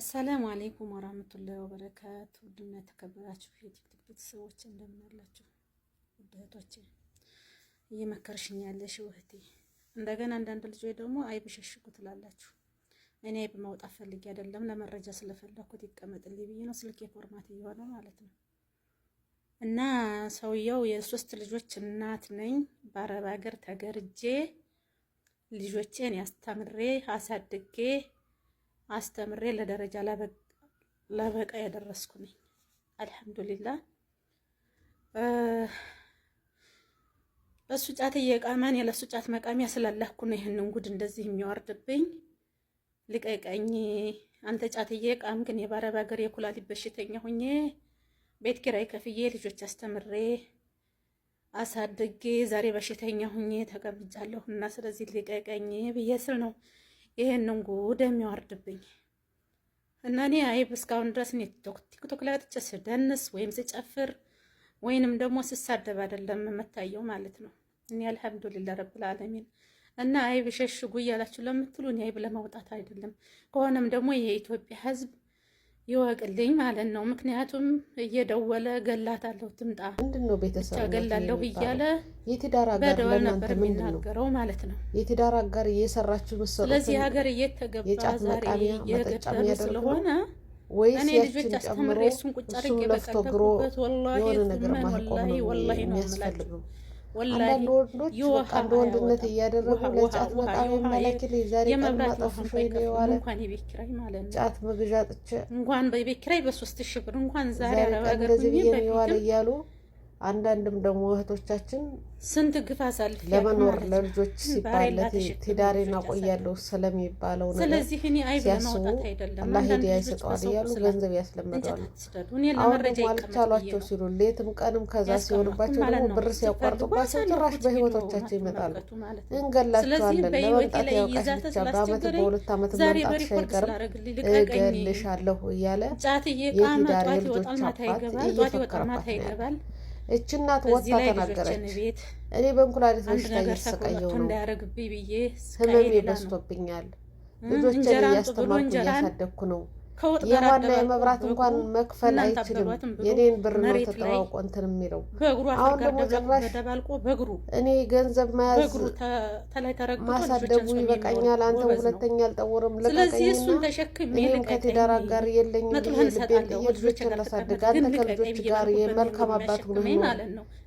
አሰላሙ አሌይኩም ወራህመቱላሂ ወበረካቱ ውድና የተከበራችሁ የቲክቶክ ቤተሰቦች እንደምን አላችሁ? ውድ እህቶቼ እየመከርሽኝ ያለሽ እህቴ፣ እንደገና አንዳንድ ልጆች ደግሞ አይብ ሸሽጉ ትላላችሁ። እኔ አይብ ማውጣት ፈልጌ አይደለም፣ ለመረጃ ስለፈለኩት ይቀመጥልኝ ብዬ ነው። ስልኬ ፎርማት እየሆነ ማለት ነው። እና ሰውየው የሶስት ልጆች እናት ነኝ። በአረብ ሀገር ተገርጄ ልጆቼን ያስተምሬ አሳድጌ አስተምሬ ለደረጃ ለበቃ ያደረስኩ ነኝ። እሱ በሱ ጫት እየቃመን የለሱ ጫት መቃሚያ ስላላኩ ነው ይህንን ጉድ እንደዚህ የሚያወርድብኝ። ልቀቀኝ አንተ ጫት እየቃም ግን የባረብ ሀገር የኩላሊት በሽተኛ ሁኜ ቤት ኪራይ ከፍዬ ልጆች አስተምሬ አሳድጌ ዛሬ በሽተኛ ሁኜ እና ስለዚህ ልቀቀኝ ብዬ ስል ነው ይሄንን ጉድ የሚያወርድብኝ እና እኔ አይብ እስካሁን ድረስ እኔ ቲክቶክ ቲክቶክ ላይ ወጥቼ ስደንስ ወይም ስጨፍር ወይንም ደግሞ ስሳደብ አይደለም የምታየው ማለት ነው። እኔ አልሐምዱሊላህ ረብል ዓለሚን እና አይብ ሸሽጉ እያላችሁ ለምትሉ እኔ አይብ ለማውጣት አይደለም ከሆነም ደግሞ የኢትዮጵያ ሕዝብ ይወቅልኝ ማለት ነው። ምክንያቱም እየደወለ ገላታለሁ ትምጣ ምንድነው ቤተሰብ ገላለሁ እያለ በደወል ነበር የሚናገረው ማለት ነው። የትዳር አጋር እየሰራችሁ መሰለኝ። ስለዚህ ሀገር እየተገባ ዛሬ እየገጠሉ ስለሆነ እኔ ልጆች አስተምሬ እሱን ቁጭ አድርጌ በቀጠቁበት ወላሂ ወላሂ ነው የምላቸው አንዳንድ ወንዶች ወንድነት እያደረጉ ለጫት በጣም የሚያላክል የዛሬ ቀን ጫት መግዣ ጥቼ እንኳን በቤት ኪራይ በሶስት ሺህ ብር እንኳን ዛሬ እንደዚህ ብዬ የዋለ እያሉ አንዳንድም ደግሞ እህቶቻችን ስንት ግፍ አሳልፍ ለመኖር ለልጆች ሲባል ትዳሬን አቆያለሁ ስለሚባለው ስለዚህ እኔ አይ ለማውጣት አይደለም አላህ ሂዳያ ይሰጠዋል እያሉ ገንዘብ ያስለመደዋል። አሁን ደግሞ አልቻሏቸው ሲሉ ሌትም ቀንም ከዛ ሲሆንባቸው ደግሞ ብር ሲያቋርጡባቸው ጭራሽ በህይወቶቻቸው ይመጣሉ። እንገላቸዋለን ለመምጣት ያውቃሽ ብቻ በአመት በሁለት አመት መምጣት አይቀርም እገልሻለሁ እያለ የትዳር የልጆች አባት እየፈከረባት ነው ያለ እቺ እናት ወጣ ተናገረች። እኔ በእንኩላሊት በሽታ እየተሰቃየሁ ነው፣ ህመሜ በዝቶብኛል። ልጆችን እያስተማርኩ እያሳደግኩ ነው ከወጥ ጋር የመብራት እንኳን መክፈል አይችልም። የኔን ብር ነው ተጠዋውቆ እንትን የሚለው አሁን ደግሞ ጭራሽ እኔ ገንዘብ መያዝ ማሳደጉ ይበቃኛል። አንተ ሁለተኛ አልጠውርም ልቀቀኝና እኔም ከትዳር አጋር የለኝም። ልቤን ጥዬ ልጆችን ላሳድግ አንተ ከልጆች ጋር የመልካም አባት ሁሉ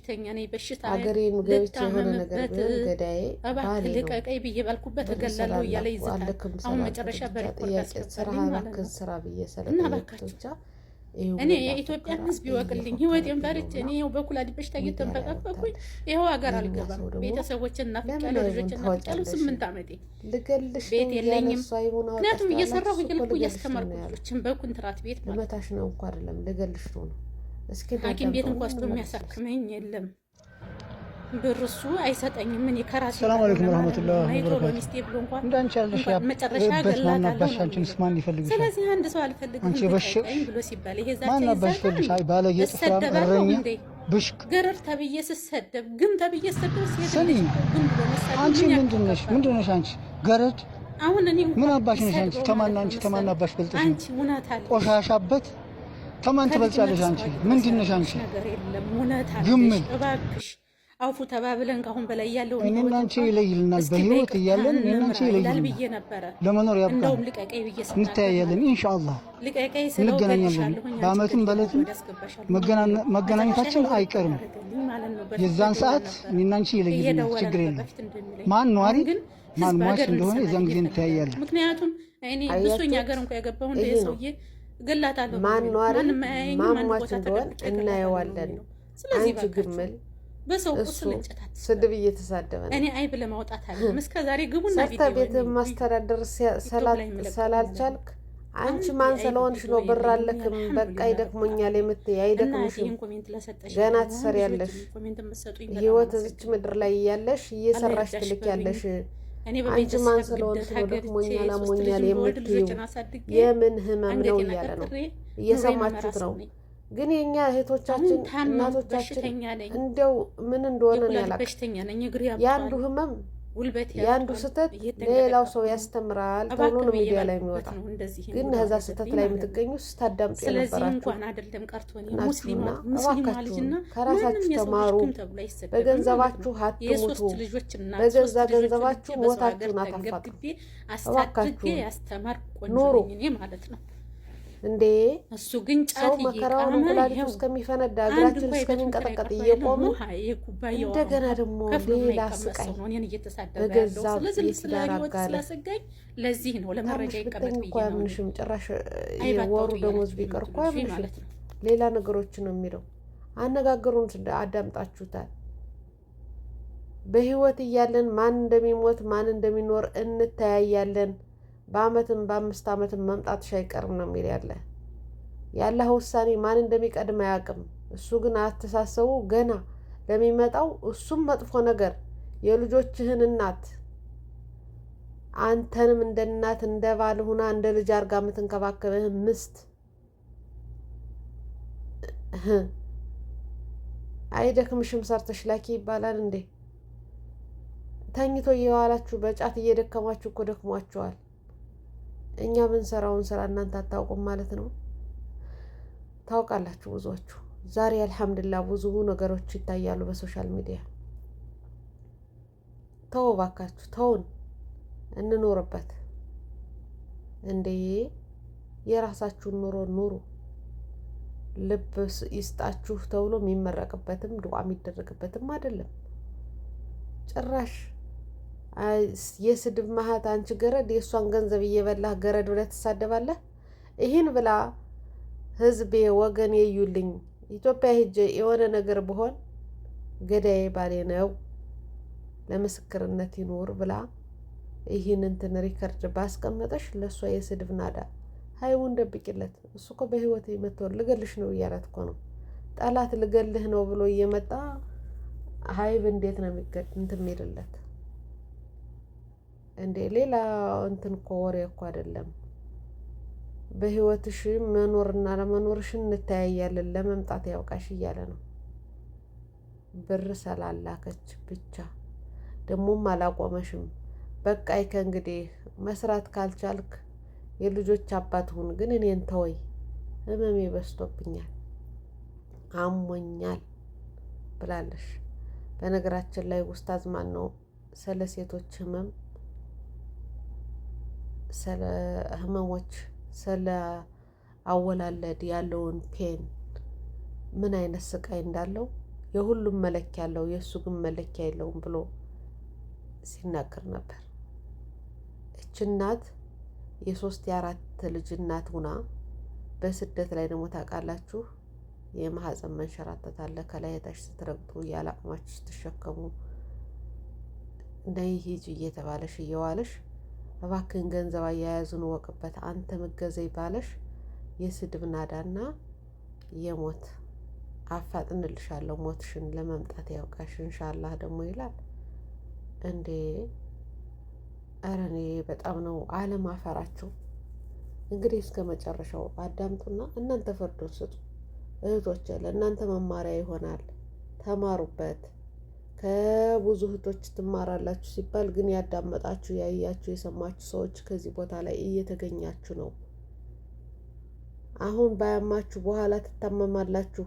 በሽተኛ ነኝ፣ በሽታ ልታመምበት እባክህ ልቀቀኝ ብዬ ባልኩበት እገላለሁ እያለ ይዝታል። አሁን መጨረሻ በሪፖርት ያስገባልኝ ማለት ነው። እኔ የኢትዮጵያን ሕዝብ ይወቅልኝ። ህይወቴን ፈርቼ እኔ ይኸው በኩላሊት በሽታ እየተንፈቀፈኩኝ ይኸው ሀገር አልገባም። ቤተሰቦችን እናፍቄያለሁ፣ ልጆች እናፍቄያለሁ። ስምንት ዓመቴ ቤት የለኝም። ምክንያቱም እየሰራሁ እየልኩ እያስተማርኩ ልጆችን በኩንትራት ቤት ማለት ነው። ሐኪም ቤት እንኳ እሱ የሚያሳክመኝ የለም። ብር እሱ አይሰጠኝም። እኔ ከራሴ ሰላም አለይኩም ወራህመቱላሂ ወበረካቱ። ስለዚህ አንድ ሰው አልፈልግም ብሎ ሲባል ይሄ ብሽክ ገረር ተብዬ ስሰደብ ግን ተብዬ ስሰደብ ሲሄድ አንቺ ምንድን ነሽ? ምንድን ነሽ አንቺ ገረድ? አሁን እኔ ምን አባሽ ነሽ አንቺ? ተማና አንቺ ተማና አባሽ ገልጠሽ አንቺ ቆሻሻበት ከማን ትበልጫለሽ አንቺ? ምንድን ነሽ አንቺ? ግምል አውፉ ተባብለን ከአሁን በላይ ያለው እኔና አንቺ ይለይልናል። በህይወት እያለን እኔና አንቺ ይለይልናል ለመኖር ያብቃል። እንተያያለን፣ ኢንሻአላህ ስለው እንገናኛለን። በአመትም በለትም መገናኘታችን አይቀርም። የዛን ሰዓት እኔና አንቺ ይለይልናል። ችግር የለም። ማን ነዋሪ ማን ሟች እንደሆነ የዛን ጊዜ እንተያያለን። ምክንያቱም እኔ ብሶኝ ሀገር እንኳ የገባሁ እንደ ሰውዬ ገላታለሁ። ማኗሪ ማሟች እንደሆን እናየዋለን። አንቺ ግምል በሰው ቁስል እንጨታት ስድብ እየተሳደበ ነው። እኔ አይብ ለማውጣት አለ እስከ ዛሬ ግቡና ማስተዳደር ስላልቻልክ አንቺ ማን ስለሆንሽ ነው? ብር አለክም በቃ ይደክሞኛል የምትይ አይደክምሽም። ገና ትሰሪያለሽ። ህይወት እዚች ምድር ላይ እያለሽ እየሰራሽ ትልክ ያለሽ እኔ አንቺማን ስለሆንሽ ደክሞኛል፣ አሞኛል የምትይው የምን ህመም ነው እያለ ነው። እየሰማችሁት ነው። ግን የእኛ እህቶቻችን እናቶቻችን እንደው ምን እንደሆነ ያላቅ የአንዱ ህመም የአንዱ ስህተት ሌላው ሰው ያስተምራል ተብሎ ነው ሚዲያ ላይ የሚወጣ። ግን ከዛ ስህተት ላይ የምትገኙ ስታዳምጡ የነበራችሁ ናችሁና እባካችሁን ከራሳችሁ ተማሩ። በገንዘባችሁ አትሙቱ። በገዛ ገንዘባችሁ ሞታችሁን አታፋጡ። እባካችሁ ኑሩ። እንዴ እሱ ግን ጫት መከራውን እንቁላሊቱ እስከሚፈነዳ እግራችን እስከሚንቀጠቀጥ እየቆምን እንደገና ደግሞ ሌላ ስቃይ በገዛ የትዳር አጋር ለዚህ ነው ለመረጃ ይቀመጥ ብዬ ምንሽም ጭራሽ የወሩ ደሞዝ ቢቀር እኮ ምንሽ ሌላ ነገሮች ነው የሚለው። አነጋገሩን አዳምጣችሁታል። በህይወት እያለን ማን እንደሚሞት ማን እንደሚኖር እንተያያለን። በአመትም በአምስት ዓመትም መምጣትሽ አይቀርም ነው የሚል ያለ ያለህ ውሳኔ ማን እንደሚቀድም አያውቅም። እሱ ግን አስተሳሰቡ ገና ለሚመጣው እሱም መጥፎ ነገር የልጆችህን እናት አንተንም እንደ እናት እንደ ባል ሁና እንደ ልጅ አርጋ የምትንከባከብህ ምስት አይደክምሽም ሰርተሽ ላኪ ይባላል እንዴ? ተኝቶ እየዋላችሁ በጫት እየደከማችሁ እኮ ደክሟችኋል። እኛ ብንሰራውን ስራ እናንተ አታውቁም ማለት ነው። ታውቃላችሁ ብዙዎቹ። ዛሬ አልሐምድላ ብዙ ነገሮች ይታያሉ በሶሻል ሚዲያ። ተው ባካችሁ፣ ተውን እንኖርበት እንዴ! የራሳችሁን ኑሮ ኑሩ። ልብ ይስጣችሁ ተብሎ የሚመረቅበትም ድዋ የሚደረግበትም አይደለም ጭራሽ የስድብ ማህት አንቺ ገረድ፣ የእሷን ገንዘብ እየበላህ ገረድ ብለህ ትሳደባለህ። ይህን ብላ ህዝቤ ወገን የዩልኝ ኢትዮጵያ ሄጄ የሆነ ነገር ብሆን ገዳዬ ባሌ ነው ለምስክርነት ይኖር ብላ ይህን እንትን ሪከርድ ባስቀመጠሽ ለእሷ የስድብ ናዳ ሀይቡን ደብቂለት። እሱ እኮ በህይወት የመተው ልገልሽ ነው እያላት እኮ ነው። ጠላት ልገልህ ነው ብሎ እየመጣ ሀይብ እንዴት ነው የሚገድ እንትን የሚልለት እንዴ ሌላ እንትን እኮ ወሬ እኮ አይደለም። በህይወትሽ መኖርና ለመኖርሽ እንተያያለን ለመምጣት ያውቃሽ እያለ ነው። ብር ስላላከች ብቻ ደግሞም አላቆመሽም። በቃይ ከእንግዲህ መስራት ካልቻልክ የልጆች አባት ሁን፣ ግን እኔን ተወይ፣ ህመሜ በስቶብኛል፣ አሞኛል ብላለሽ። በነገራችን ላይ ውስታዝ ማን ነው ስለ ሴቶች ህመም ስለ ህመሞች፣ ስለ አወላለድ ያለውን ፔን ምን አይነት ስቃይ እንዳለው የሁሉም መለኪያ አለው የእሱ ግን መለኪያ የለውም ብሎ ሲናገር ነበር። እች እናት የሶስት የአራት ልጅ እናት ሁና በስደት ላይ ደግሞ ታውቃላችሁ፣ የማህፀን መንሸራተት አለ። ከላይ የታች ስትረግጡ ያለ አቅማችሁ ስትሸከሙ ነይ ሂጂ እየተባለሽ እየዋለሽ እባክህን ገንዘብ አያያዙን ወቅበት አንተ መገዘይ ይባለሽ የስድብ ናዳና የሞት አፋጥንልሻለሁ ሞትሽን ለመምጣት ያውቃሽ እንሻላህ ደግሞ ይላል እንዴ ኧረ እኔ በጣም ነው አለም አፈራችሁ እንግዲህ እስከ መጨረሻው አዳምጡና እናንተ ፍርዱን ስጡ እህቶች ለእናንተ መማሪያ ይሆናል ተማሩበት ከብዙ እህቶች ትማራላችሁ ሲባል ግን ያዳመጣችሁ፣ ያያችሁ፣ የሰማችሁ ሰዎች ከዚህ ቦታ ላይ እየተገኛችሁ ነው። አሁን ባያማችሁ በኋላ ትታመማላችሁ።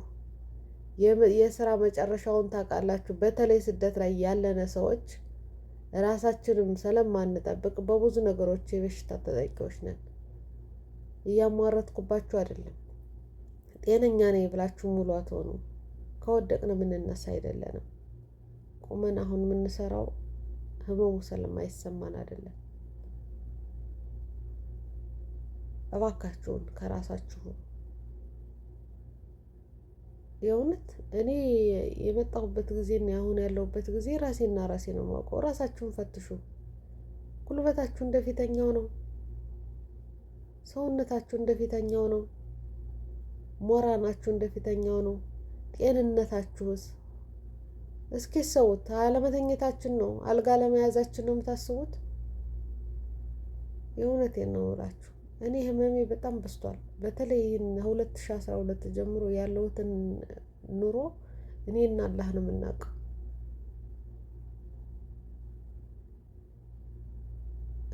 የስራ መጨረሻውን ታውቃላችሁ። በተለይ ስደት ላይ ያለነ ሰዎች ራሳችንም ስለማንጠብቅ በብዙ ነገሮች የበሽታ ተጠቂዎች ነን። እያሟረትኩባችሁ አይደለም። ጤነኛ ነኝ ብላችሁ ሙሉ አትሆኑ። ከወደቅን የምንነሳ አይደለንም። ቁመን አሁን የምንሰራው ህመሙ ስለማይሰማን አይደለም። እባካችሁን ከራሳችሁ የእውነት እኔ የመጣሁበት ጊዜና አሁን ያለሁበት ጊዜ ራሴና ራሴ ነው የማውቀው። ራሳችሁን ፈትሹ። ጉልበታችሁ እንደፊተኛው ነው። ሰውነታችሁ እንደፊተኛው ነው። ሞራናችሁ እንደፊተኛው ነው። ጤንነታችሁስ እስኪ ሰውት አለመተኘታችን ነው፣ አልጋ ለመያዛችን ነው የምታስቡት? የእውነቴ ነው እላችሁ። እኔ ህመሜ በጣም በስቷል። በተለይ ሁለት ሺ አስራ ሁለት ጀምሮ ያለሁትን ኑሮ እኔ እና አላህ ነው የምናውቀው።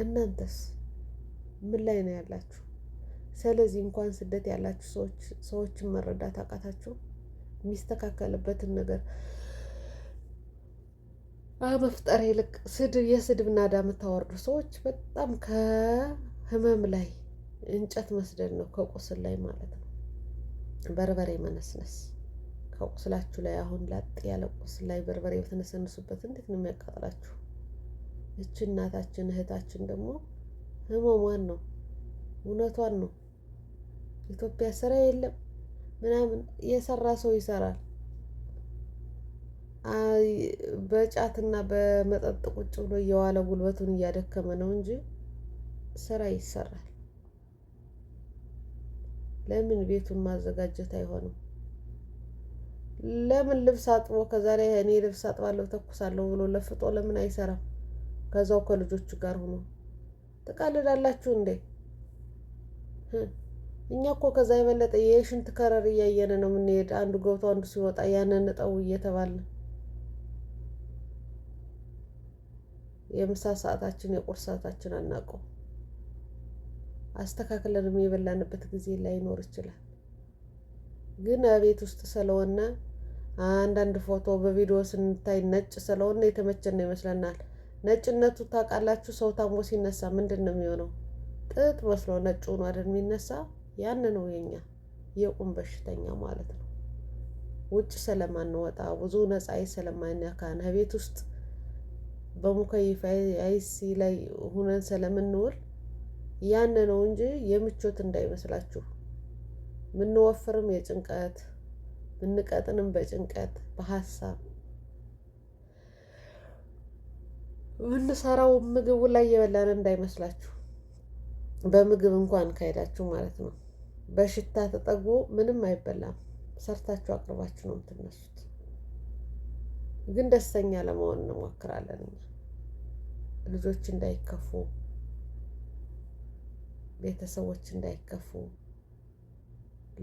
እናንተስ ምን ላይ ነው ያላችሁ? ስለዚህ እንኳን ስደት ያላችሁ ሰዎች ሰዎችን መረዳት አቃታችሁ። የሚስተካከልበትን ነገር በመፍጠር ይልቅ ስድብ የስድብ ናዳ የምታወርዱ ሰዎች በጣም ከህመም ላይ እንጨት መስደድ ነው፣ ከቁስል ላይ ማለት ነው። በርበሬ መነስነስ ከቁስላችሁ ላይ አሁን ላጥ ያለ ቁስል ላይ በርበሬ በተነሰንሱበት እንዴት ነው የሚያቃጥላችሁ? እች እናታችን እህታችን ደግሞ ህመሟን ነው እውነቷን ነው። ኢትዮጵያ ስራ የለም ምናምን የሰራ ሰው ይሰራል። በጫትና በመጠጥ ቁጭ ብሎ እየዋለ ጉልበቱን እያደከመ ነው እንጂ ስራ ይሰራል። ለምን ቤቱን ማዘጋጀት አይሆንም? ለምን ልብስ አጥቦ ከዛ ላይ እኔ ልብስ አጥባለሁ ተኩሳለሁ ብሎ ለፍጦ ለምን አይሰራም? ከዛው ከልጆቹ ጋር ሆኖ ትቃልዳላችሁ እንዴ? እኛ እኮ ከዛ የበለጠ የሽንት ከረር እያየን ነው የምንሄድ። አንዱ ገብቶ አንዱ ሲወጣ ያንን ጠው እየተባልን የምሳ ሰዓታችን የቁርስ ሰዓታችን አናውቀው። አስተካክለንም የበላንበት ጊዜ ላይኖር ይችላል። ግን ቤት ውስጥ ስለሆነ አንዳንድ ፎቶ በቪዲዮ ስንታይ ነጭ ስለሆነ የተመቸነ ይመስለናል። ነጭነቱ ታውቃላችሁ፣ ሰው ታሞ ሲነሳ ምንድን ነው የሚሆነው? ጥጥ መስሎ ነጭ ሆኖ አይደል የሚነሳ? ያን ነው የኛ የቁም በሽተኛ ማለት ነው። ውጭ ስለማንወጣ ብዙ ነፃ ስለማንነካ ቤት ውስጥ በሙከይፍ አይሲ ላይ ሁነን ስለምንውል ያን ነው እንጂ የምቾት እንዳይመስላችሁ። ምንወፍርም የጭንቀት ምንቀጥንም በጭንቀት በሀሳብ ምንሰራው ምግቡ ላይ የበላን እንዳይመስላችሁ። በምግብ እንኳን ካሄዳችሁ ማለት ነው። በሽታ ተጠግቦ ምንም አይበላም። ሰርታችሁ አቅርባችሁ ነው የምትነሱት። ግን ደስተኛ ለመሆን እንሞክራለን። ልጆች እንዳይከፉ፣ ቤተሰቦች እንዳይከፉ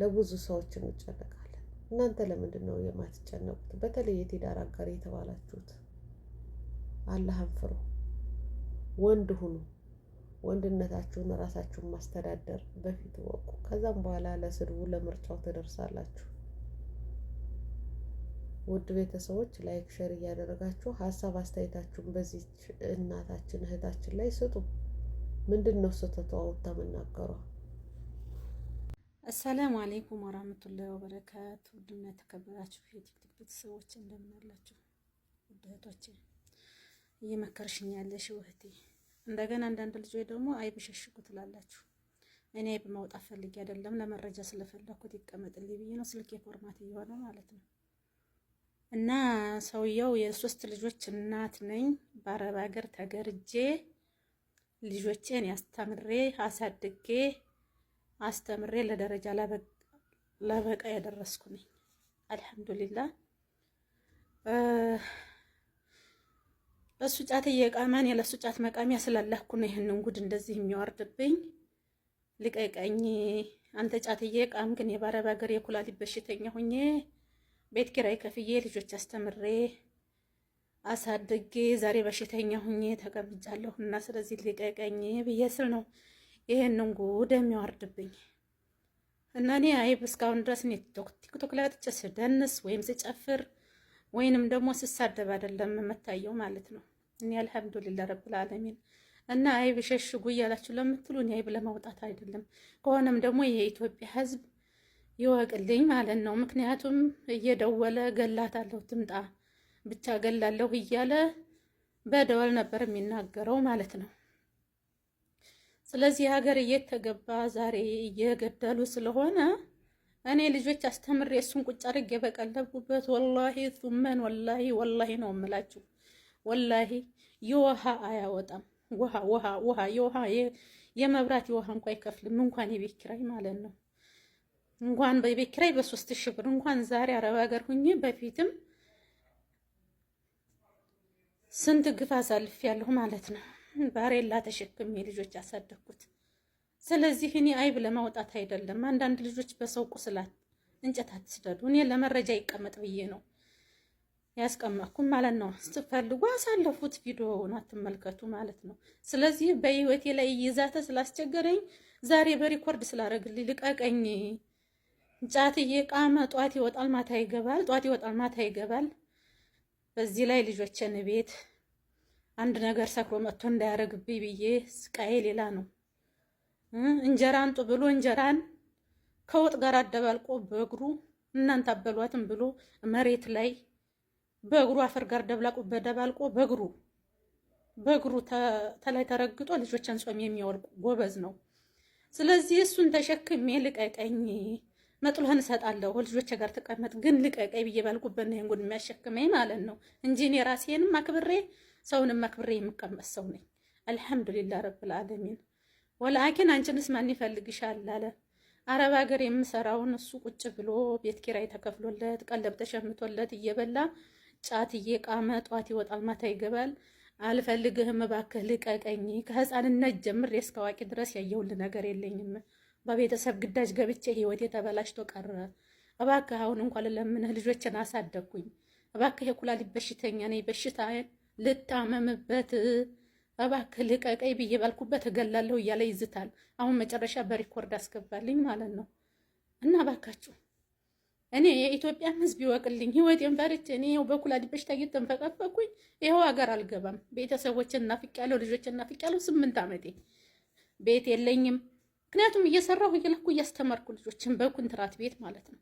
ለብዙ ሰዎች እንጨነቃለን። እናንተ ለምንድን ነው የማትጨነቁት? በተለይ የትዳር አጋር የተባላችሁት አላህን ፍሩ፣ ወንድ ሁኑ። ወንድነታችሁን ራሳችሁን ማስተዳደር በፊት ወቁ። ከዛም በኋላ ለስድቡ ለምርጫው ትደርሳላችሁ። ውድ ቤተሰቦች ላይክ ሸር እያደረጋችሁ ሀሳብ አስተያየታችሁን በዚች እናታችን እህታችን ላይ ስጡ። ምንድን ነው ስህተቷ? ወታ መናገሯ። አሰላሙ አሌይኩም ወራህመቱላሂ ወበረካቱ። ውድና የተከበራችሁ የቲክቶክ ቤተሰቦች እንደምናላችሁ። ውድ እህቶቼ እየመከርሽኝ ያለሽ እህቴ፣ እንደገና አንዳንድ ልጆች ደግሞ አይብ ሸሽጉ ትላላችሁ። እኔ አይብ ማውጣት ፈልጌ አይደለም፣ ለመረጃ ስለፈለኩት ይቀመጥልኝ ብዬ ነው ስልኬ ፎርማት እየሆነ ማለት ነው እና ሰውየው የሶስት ልጆች እናት ነኝ። በአረብ ሀገር ተገርጄ ልጆቼን ያስተምሬ አሳድጌ አስተምሬ ለደረጃ ለበቃ ያደረስኩ ነኝ። አልሐምዱሊላ እሱ ጫት እየቃመን የለሱ ጫት መቃሚያ ስላላኩ ነው ይህንን ጉድ እንደዚህ የሚያወርድብኝ። ልቀቀኝ አንተ ጫት እየቃም ግን የባረብ ሀገር የኩላሊት በሽተኛ ሁኜ ቤት ኪራይ ከፍዬ ልጆች አስተምሬ አሳድጌ ዛሬ በሽተኛ ሁኜ ተቀምጫለሁ እና ስለዚህ ልቀቀኝ ብዬ ስል ነው ይሄንን ጉድ የሚያወርድብኝ። እና እኔ አይብ እስካሁን ድረስ እኔ ቲክቶክ ላይ ወጥቼ ስደንስ ወይም ስጨፍር ወይንም ደግሞ ስሳደብ አይደለም የምታየው ማለት ነው። እኔ አልሐምዱሊላ ረብል ዓለሚን እና አይብ ሸሽጉ እያላችሁ ለምትሉ እኔ አይብ ለማውጣት አይደለም ከሆነም ደግሞ የኢትዮጵያ ሕዝብ ይወቅልኝ ማለት ነው። ምክንያቱም እየደወለ ገላታለሁ ትምጣ ብቻ ገላለሁ እያለ በደወል ነበር የሚናገረው ማለት ነው። ስለዚህ ሀገር እየተገባ ዛሬ እየገደሉ ስለሆነ እኔ ልጆች አስተምሬ እሱን ቁጭ አድርጌ የበቀለብኩበት ወላሂ ቱመን ወላሂ ወላሂ ነው የምላችሁ። ወላሂ የውሃ አያወጣም ውሃ ውሃ ውሃ የውሃ የመብራት የውሃ እንኳ አይከፍልም እንኳን የቤት ኪራይ ማለት ነው። እንኳን በቤት ኪራይ በሶስት ሺህ ብር እንኳን ዛሬ አረብ ሀገር ሁኜ በፊትም ስንት ግፍ አሳልፍ ያለሁ ማለት ነው። ባሬላ ተሸክሜ ልጆች ያሳደግኩት። ስለዚህ እኔ አይብ ለማውጣት አይደለም። አንዳንድ ልጆች በሰው ቁስላት እንጨት አትስደዱ። እኔ ለመረጃ ይቀመጥ ብዬ ነው ያስቀመጥኩም ማለት ነው። ስትፈልጉ አሳለፉት ቪዲዮውን አትመልከቱ ማለት ነው። ስለዚህ በህይወቴ ላይ ይዛተ ስላስቸገረኝ ዛሬ በሪኮርድ ስላደረግልኝ ልቀቀኝ። ጫትዬ እየቃመ ጧት ይወጣል ማታ ይገባል፣ ጧት ይወጣል ማታ ይገባል። በዚህ ላይ ልጆችን ቤት አንድ ነገር ሰክሮ መጥቶ እንዳያረግብኝ ብዬ ስቃዬ ሌላ ነው። እንጀራ አንጡ ብሎ እንጀራን ከወጥ ጋር አደባልቆ በእግሩ እናንተ አበሏትም ብሎ መሬት ላይ በእግሩ አፈር ጋር ደብላቁ በደባልቆ በእግሩ በእግሩ ተላይ ተረግጦ ልጆችን ጾም የሚወርቅ ጎበዝ ነው። ስለዚህ እሱን ተሸክሜ ልቀቀኝ መጥሎህን እሰጣለሁ ልጆቼ ጋር ተቀመጥ፣ ግን ልቀቀኝ ብዬ ባልኩበት ነው ጉድ የሚያሸክመኝ ማለት ነው እንጂ እኔ ራሴንም አክብሬ ሰውንም አክብሬ የምቀመጥ ሰው ነኝ። አልሐምዱሊላ ረብል ዓለሚን። ወላኪን አንቺንስ ማን ይፈልግሻል አለ አረብ ሀገር የምሰራውን እሱ ቁጭ ብሎ ቤት ኪራይ ተከፍሎለት ቀለብ ተሸምቶለት እየበላ ጫት እየቃመ ጧት ይወጣል ማታ ይገባል። አልፈልግህም፣ እባክህ ልቀቀኝ። ከህፃንነት ጀምር እስከ አዋቂ ድረስ ያየውል ነገር የለኝም። በቤተሰብ ግዳጅ ገብቼ ህይወቴ ተበላሽቶ ቀረ። እባክህ አሁን እንኳን ልለምንህ ልጆችን አሳደግኩኝ። እባክህ የኩላሊት በሽተኛ ነኝ፣ በሽታ ልታመምበት እባክህ ልቀቀኝ ብዬ ባልኩበት እገላለሁ እያለ ይዝታል። አሁን መጨረሻ በሪኮርድ አስገባልኝ ማለት ነው። እና እባካችሁ እኔ የኢትዮጵያን ህዝብ ይወቅልኝ። ህይወቴን ፈርቼ እኔ ይኸው በኩላሊት በሽታ እየተንፈቀፈኩኝ ይኸው ሀገር አልገባም። ቤተሰቦችን ያለው ልጆችን ያለው ስምንት ዓመቴ ቤት የለኝም። ምክንያቱም እየሰራሁ እየለኩ እያስተማርኩ ልጆችን በኩንትራት ቤት ማለት ነው።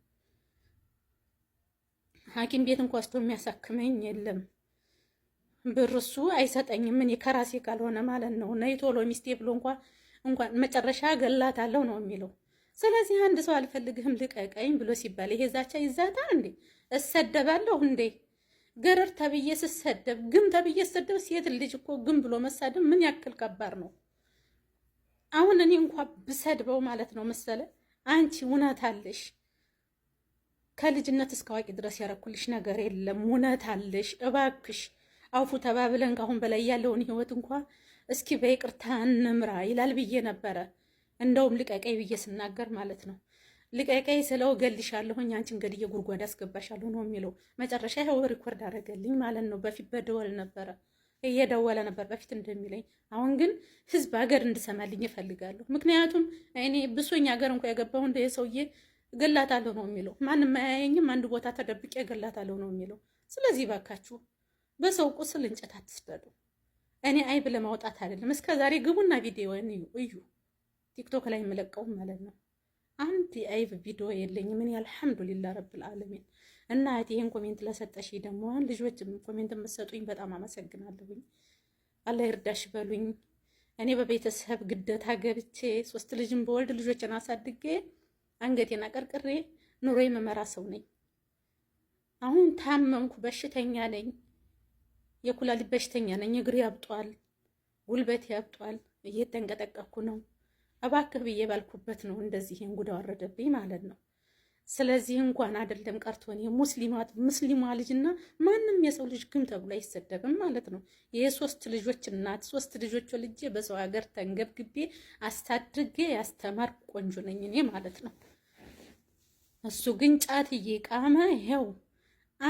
ሐኪም ቤት እንኳ ስቶ የሚያሳክመኝ የለም። ብር እሱ አይሰጠኝም። እኔ ከራሴ ካልሆነ ማለት ነው። ነይ ቶሎ ሚስቴ ብሎ እንኳ እንኳን መጨረሻ አለው ነው የሚለው። ስለዚህ አንድ ሰው አልፈልግህም ልቀቀኝ ብሎ ሲባል ይሄ ዛቻ ይዛታ እንዴ? እሰደባለሁ እንዴ? ገረድ ተብዬ ስሰደብ፣ ግም ተብዬ ስሰደብ። ሴት ልጅ እኮ ግም ብሎ መሳደብ ምን ያክል ከባድ ነው? አሁን እኔ እንኳ ብሰድበው ማለት ነው መሰለ አንቺ እውነት አለሽ ከልጅነት እስከ አዋቂ ድረስ ያረኩልሽ ነገር የለም። እውነት አለሽ። እባክሽ አውፉ ተባብለን ካሁን በላይ ያለውን ህይወት እንኳ እስኪ በይቅርታ እንምራ ይላል ብዬ ነበረ። እንደውም ልቀቀይ ብዬ ስናገር ማለት ነው ልቀቀይ ስለው እገልሻለሁኝ አንቺን ገድዬ ጉድጓድ አስገባሻለሁ ነው የሚለው። መጨረሻ ይኸው ሪኮርድ አደረገልኝ ማለት ነው። በፊት በደወል ነበረ እየደወለ ነበር በፊት እንደሚለኝ። አሁን ግን ህዝብ ሀገር እንድሰማልኝ እፈልጋለሁ። ምክንያቱም እኔ ብሶኝ ሀገር እንኳ የገባሁ እንደ ሰውዬ ገላታለሁ ነው የሚለው። ማንም አያየኝም፣ አንድ ቦታ ተደብቄ ገላታለሁ ነው የሚለው። ስለዚህ ባካችሁ በሰው ቁስል እንጨት አትስደዱ። እኔ አይብ ለማውጣት አይደለም። እስከ ዛሬ ግቡና ቪዲዮን እዩ እዩ፣ ቲክቶክ ላይ የምለቀው ማለት ነው። አንድ አይብ ቪዲዮ የለኝም እኔ አልሐምዱሊላህ ረብል ዓለሚን እና እህቴ ይህን ኮሜንት ለሰጠሽ ደግሞ ልጆች ኮሜንት የምትሰጡኝ በጣም አመሰግናለሁኝ። አላህ ይርዳሽ በሉኝ። እኔ በቤተሰብ ግደታ ገብቼ ሶስት ልጅም በወልድ ልጆችን አሳድጌ አንገቴን አቀርቅሬ ኑሮ የመመራ ሰው ነኝ። አሁን ታመምኩ፣ በሽተኛ ነኝ። የኩላሊት በሽተኛ ነኝ። እግር ያብጧል፣ ጉልበት ያብጧል። እየተንቀጠቀኩ ነው። እባክህ ብዬ ባልኩበት ነው እንደዚህ ይህን ጉዳ ወረደብኝ ማለት ነው። ስለዚህ እንኳን አይደለም ቀርቶን የሙስሊማት ሙስሊማ ልጅና ማንም የሰው ልጅ ግም ተብሎ አይሰደብም ማለት ነው። የሶስት ልጆች እናት ሶስት ልጆች ወልጄ በሰው ሀገር ተንገብግቤ አስታድርጌ ያስተማር ቆንጆ ነኝ እኔ ማለት ነው። እሱ ግን ጫት እየቃመ ይኸው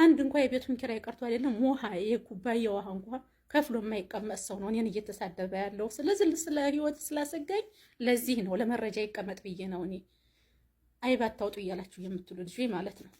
አንድ እንኳ የቤቱን ኪራይ ቀርቶ አይደለም ውሃ የኩባያ ውሃ እንኳ ከፍሎ የማይቀመጥ ሰው ነው እኔን እየተሳደበ ያለው። ስለዚህ ስለ ህይወት ስላሰጋኝ ለዚህ ነው ለመረጃ ይቀመጥ ብዬ ነው እኔ አይባታውጡ እያላችሁ የምትሉ ልጅ ማለት ነው።